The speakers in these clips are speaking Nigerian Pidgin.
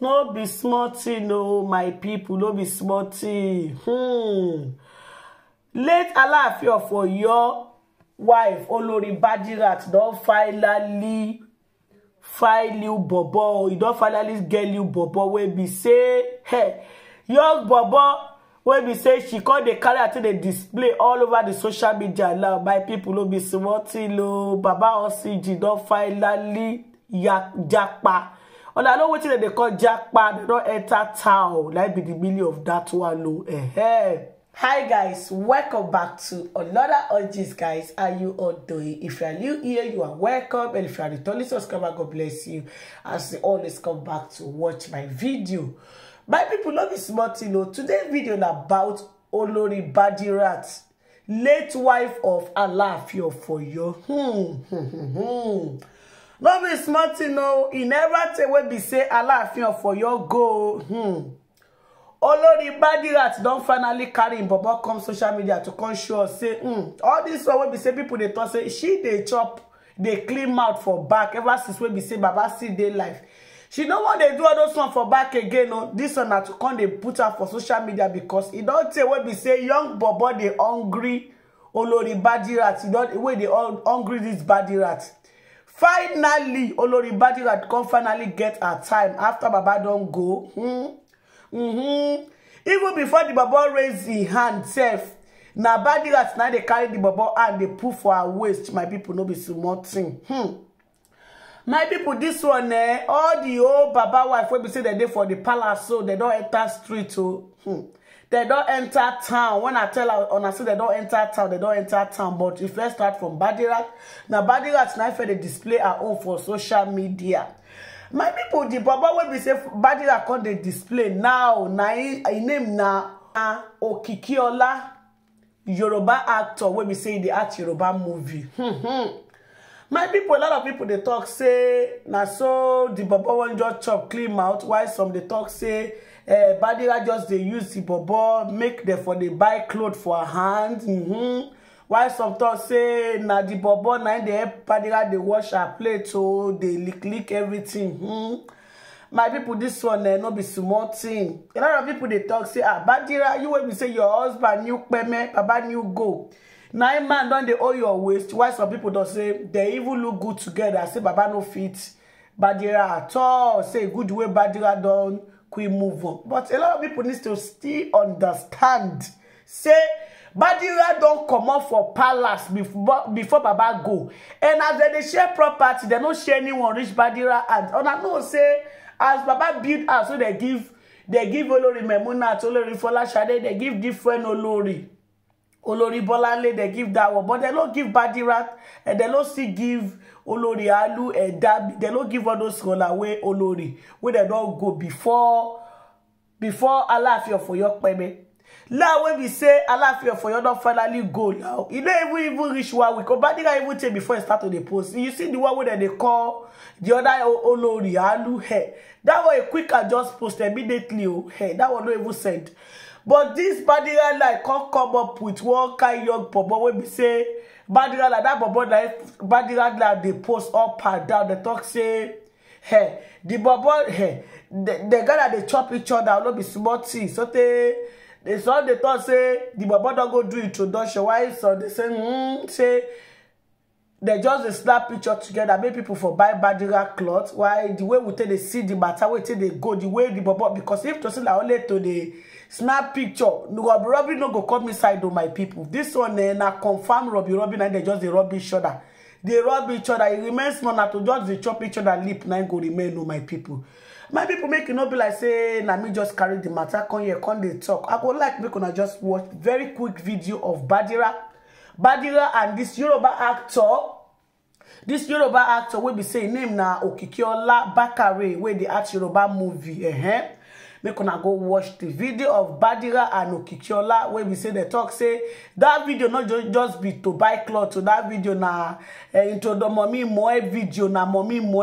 no be small thing o my people. no be small thing hmm late alaafin for your wife olori bajirat don finally file you bobo you don finally get you bobo wey be say hey, your bobo wey be say she come dey carry her dey display all over the social media now my people, no be small tin o baba osiji don finally japa ọ̀là lówó tí lèdè kan japa they don enter town like be the meaning of that one o. Hi guys, welcome back to another Orgist guys. Are you all doing? If you are new here, you are welcome. And if you are returning subscriber, God bless you. As you always come back to watch my video. My people, love is small thing o. Today's video na about Olori Badirat, late wife of Alaafin of Hmm. hmm, hmm, hmm no be small tin o e never take wey be say alaafin of oyo go hmm. olori badirat don finally carry im bobo come social media to come show us say hmm, all dis one wey be say people dey talk say she dey chop dey clean mouth for back ever since wey be say baba still dey life she no wan dey do all those one for back again o this one na to come dey put her for social media because e don tey wey be say young bobo dey hungry olori badirat e wey dey hungry dis badirat finally olori Badirat come finally get her time after baba don go mm, mm -hmm. even before the baba raise him hand sef na Badirat na dey carry the baba hand dey put for her waist my people no be small thing. Hmm. my people this one eh all the old baba wife wey be say dem dey for the palace so dem don enter street o. Oh. Hmm they don't enter town when i tell on I say they don't enter town they don't enter town but if let's start from badirat na badirat now for dey display her own for social media my people, the baba will be say badirat come dey display now now im name now Ah okikiola yoruba actor When we say the act yoruba movie hmm, hmm. my people, a lot of people they talk say now. so the baba wan just chop clean mouth Why some they talk say uh, Badira just dey use the bobo make dem for dey buy cloth for her hand mm -hmm. while some talk say na the bobo na dey help Badira dey wash her plate o oh, dey lick lick everything. Mm -hmm. my people this one eh, no be small thing a lot of people dey talk say ah Badira you wey be say your husband new peme baba new go na man don dey hold your waist while some people don say they even look good together say baba no fit Badira at all say good way Badira don We move on. But a lot of people need to still understand. Say, Badira come up for palace before before Baba go. And as they share property, they no share anyone reach Badira hand. I know say as Baba build house, so dey give they give Olori Memunat, Olori Folashade, they give different Olori. Olori Bolanle, they give that one, but they no give Badira, and they no still give olori alu eda they no give all those scholar wey olori wey dem don go before before alaafin of oyo peme now wey be say alaafin of oyo don finally go now e no even even reach one week obadira even take before e start to dey post you see the one wey dem dey call the other olori alu hair eh. that one e quick and just post immediately o oh, hair eh. that one no even send but dis badira line come come up with one kind young papa wey be say badira like dat bobo like badira like they post up and down They talk say hey, the bobo hey, the, the guy that they chop each other will not be small So they, the son dey talk say the bobo don't go do introduction Why? So they say hmm say they just slap snap picture together make people for buy badira cloth Why? the way we tell they see the matter wey take dey go the way the bobo because if to say na only to dey snap picture no go robin no go come inside o oh, my people. This one eh, na confirm robin robin and they just dey rub each other They rub each other e remain small to just dey chop each other lip na go remain o oh, my people. my people make e no be like say na me just carry the matter come here come they talk i go like make una just watch very quick video of badira badira and this yoruba actor This yoruba actor will be saying name now. okikiola bakare Where they act yoruba movie uh eh, -huh. Eh make una go watch the video of badira and okikiola where we say the talk. say that video no just be to buy clothes. so oh, that video na eh, into the mommy moe video na mommy moe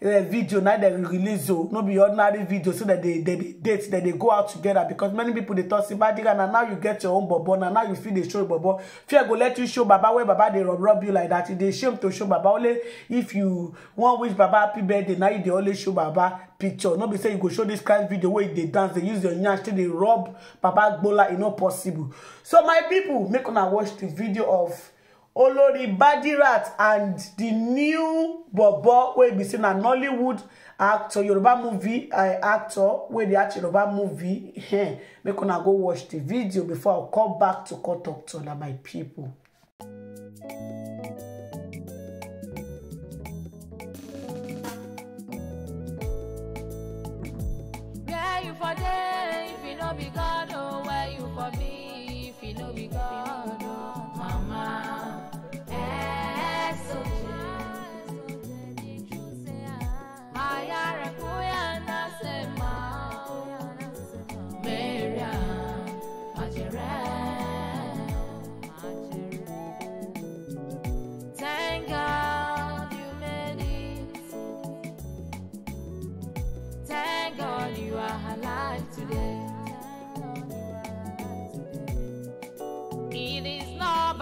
eh, video na they release oh not be ordinary video so that they they date that they go out together because many people they talk say badira and now you get your own bobo and now you feel they show bobo fear go let you show baba where baba they rub rub you like that, e dey shame to show baba only if you want wish baba happy birthday now you dey only show baba picture Not be say you go show this kind video where. They dance They use your nyash They rub papa gbola e not possible so my people, make una watch the video of olori badirat and the new bobo wey be seen na Hollywood actor yoruba movie eh, actor where dey act yoruba movie make una go watch the video before i come back to come talk to una my pipo for there if you no be God, oh.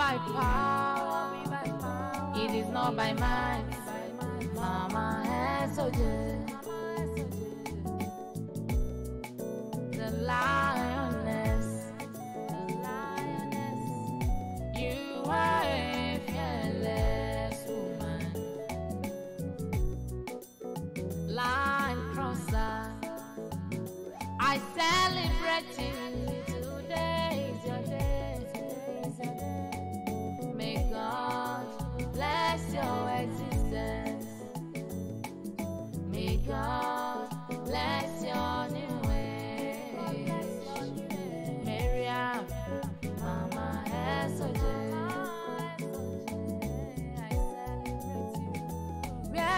by power, it is not by might. Mama has so good. The lioness, the lioness, you are a fearless woman. Line crosser, I celebrate you.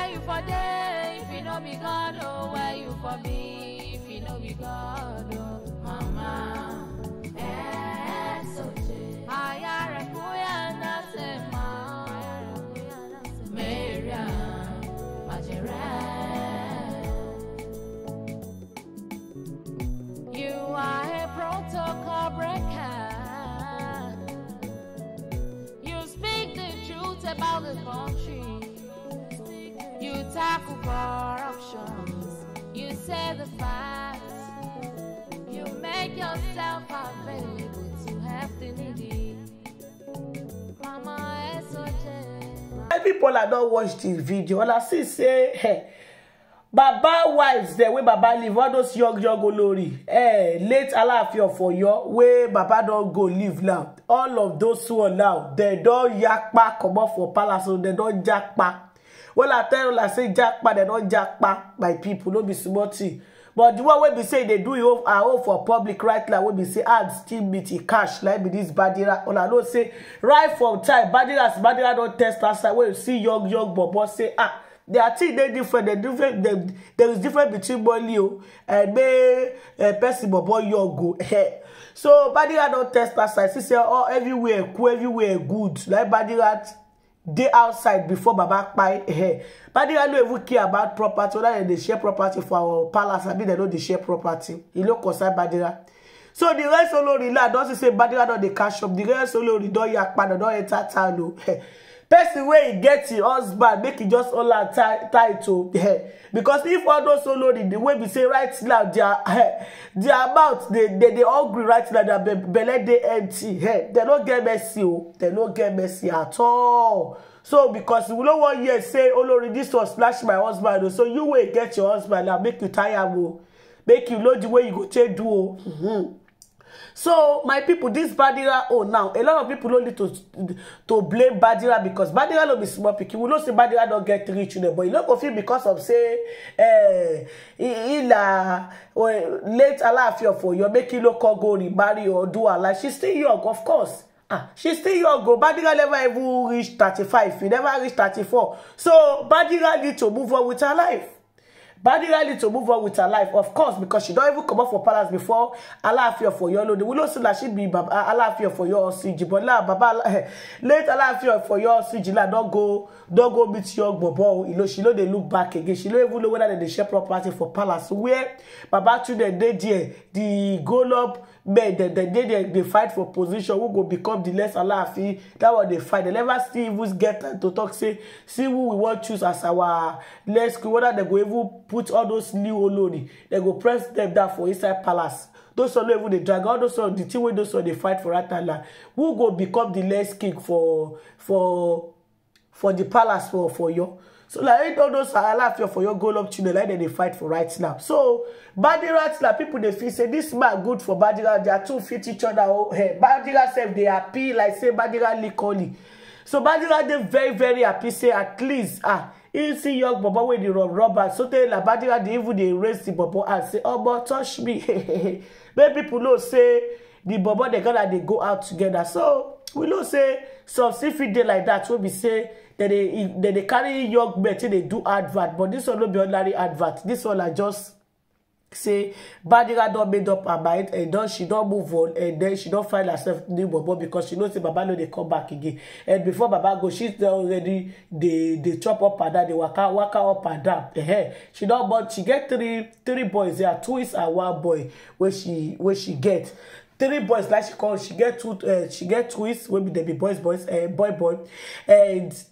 where you for day if you know be God? Oh, where you for me, if you know be God? Oh, mama. for options. You say the facts. You make yourself available to help the needy. Mama SOJ. Every people I don't watch this video. All I see say, hey. Baba wives the way Baba live, all those young young olori eh late Alaafin for you. Where Baba don't go live now all of those one now they don't don yapa comot for palace so dem don japa Well, I tell una say japa they don japa by people. no be small but the one wey be say e dey do her uh, all for public right now we be say ads, still meet e cash like be dis badira I don't say right from time badira as badira don test outside when you see young young bobo say ah they are thing they different They different dey there is different between boy o oh, and may uh, eh, person bobo young o oh, eh. so badira don't test outside see say oh everywhere cool everywhere good like badira dey outside before baba kpai hair badiwa no even care about property whether dem dey share property for our palace abi dem no dey share property e no concern badira so the rest olori la don see say badira don dey cash up the rest olori don yakpa don enter town o person wey e get im husband make e just hold am tight tight oh, o eh because if all those olori the way be say right now their eh their mouth dey dey dey hungry right now their belle dey empty eh dem no get mercy o oh. dem no get mercy at all so because we no wan hear say olori this one splash my husband o oh. so you wey get your husband na make you tie am o make you know the way you go take do o. Mm -hmm so my people this Badira oh now a lot of people only to to blame Badira because Badira no be small pikin we know say Badira don't get three children but e no go fit because of say eh e well late Alaafin of Oyo make e no come go remarry or do her life she still young of course ah she still young Go oh. Badira never even reach thirty-five she never reach thirty-four so Badira need to move on with her life Badi ready to move on with her life, of course, because she don't even come up for palace before Alaafin of Oyo Olode. We know see that she be uh, Alaafin for your CG, but now Baba late Alaafin for your CG. now don't go don't go meet your bobo. You know she know they look back again. She no even know whether they dey share property for palace where Baba to the day The goal up men dem dem dey there dey fight for position who go become the next alaafin that one dey fight dem never see even get time to talk say see who we wan choose as our next queen whether dem go even put all those new olori dem go press dem down for inside palace those one no even dey drag all those one the thing wey those one dey fight for right now na who go become the next king for for for the palace for for you, so like all those laugh for your goal up children like dem dey fight for right now so badira na people they feel say this man good for badira are two fit each other oh hey badira sef they happy like say badira lick only so badira they very very happy say at least ah you see young bobo wey dey rub rubber sotey na badira dey even they raise the bobo and say oh but touch me make people know say the bobo dey gonna they go out together so we know say some still fit dey like that, wey be say dem dey carry young men till dey do advert but this one no be ordinary advert This one na just say badira don made up her mind and then she don move on and then she don find herself new bobo because she know say baba no dey come back again and before baba go she don already dey chop up and down dey waka waka up and down eh she don born she get three three boys there two is and one boy wey she she get three boys like she call she get two uh, she get twins wey be dem be boys boys uh, boy boy and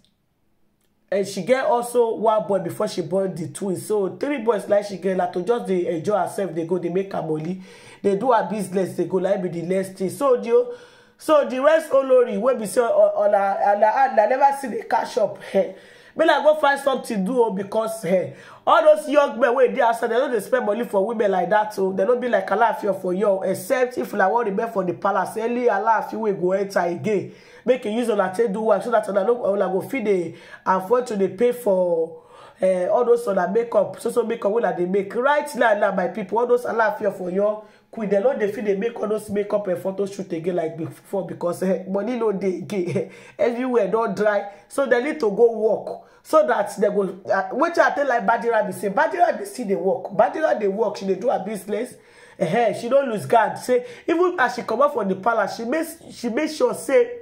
and she get also one boy before she born the twins so three boys like she get na like, to just dey enjoy herself dey go dey make her money dey do her business dey go like be the next thing so the so the rest olori oh, wey be say una una hand never see the cash up. make i go find something to do o oh, because hey, eh, all those young men wait there, outside they don't dey spend money for women like that. o oh. they don't be like alaafin for you, oh, except if una wan remain for the palace early alaafin will go enter again make e use una take do work so that they don't like go feed dey afford to they pay for uh, all those on that makeup so so makeup will una they make right now now my people all those alaafin for you queen dem no dey fit dey make all those makeup and photo shoot again like before because eh, money no dey again eh, everywhere don dry so dem need to go work so that dem go uh, wetin i tell like badira be say badira dey still dey work badira dey work she dey do her business uh eh, -huh. Eh, she no lose guard say even as she comot from the palace she make she make sure say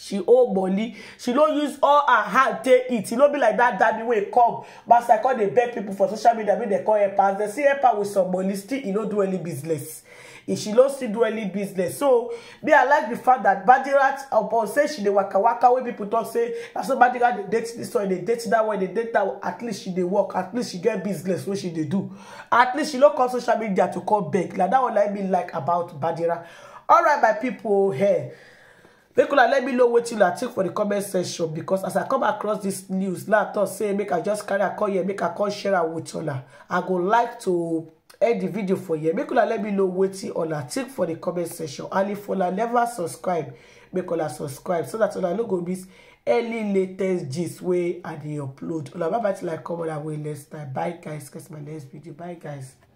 she hold money she no use all her hand take eat e no be like that daddy wey come but i call dey beg people for social media make dem call help her as dem see help her with some money still e no do any business e she no still do any business so me i like the fact that bajirat upon say she dey waka waka wey people talk say na so bajirat dey date this one dey date that one dey date that one at least she dey work at least she get business wey she dey do at least she no call social media to call beg Like that one na me like about bajirat all right my people here. Eh, hey make una let me know wetin una think for the comment section because as i come across this news now tok say make i just carry call here make i call share am with una i go like to end the video for here make una let me know wetin una think for the comment section and if una never subscribe make una subscribe so dat una no go miss any latest gist wey i dey upload una bye bye till i come on way next time bye guys catch my next video bye guys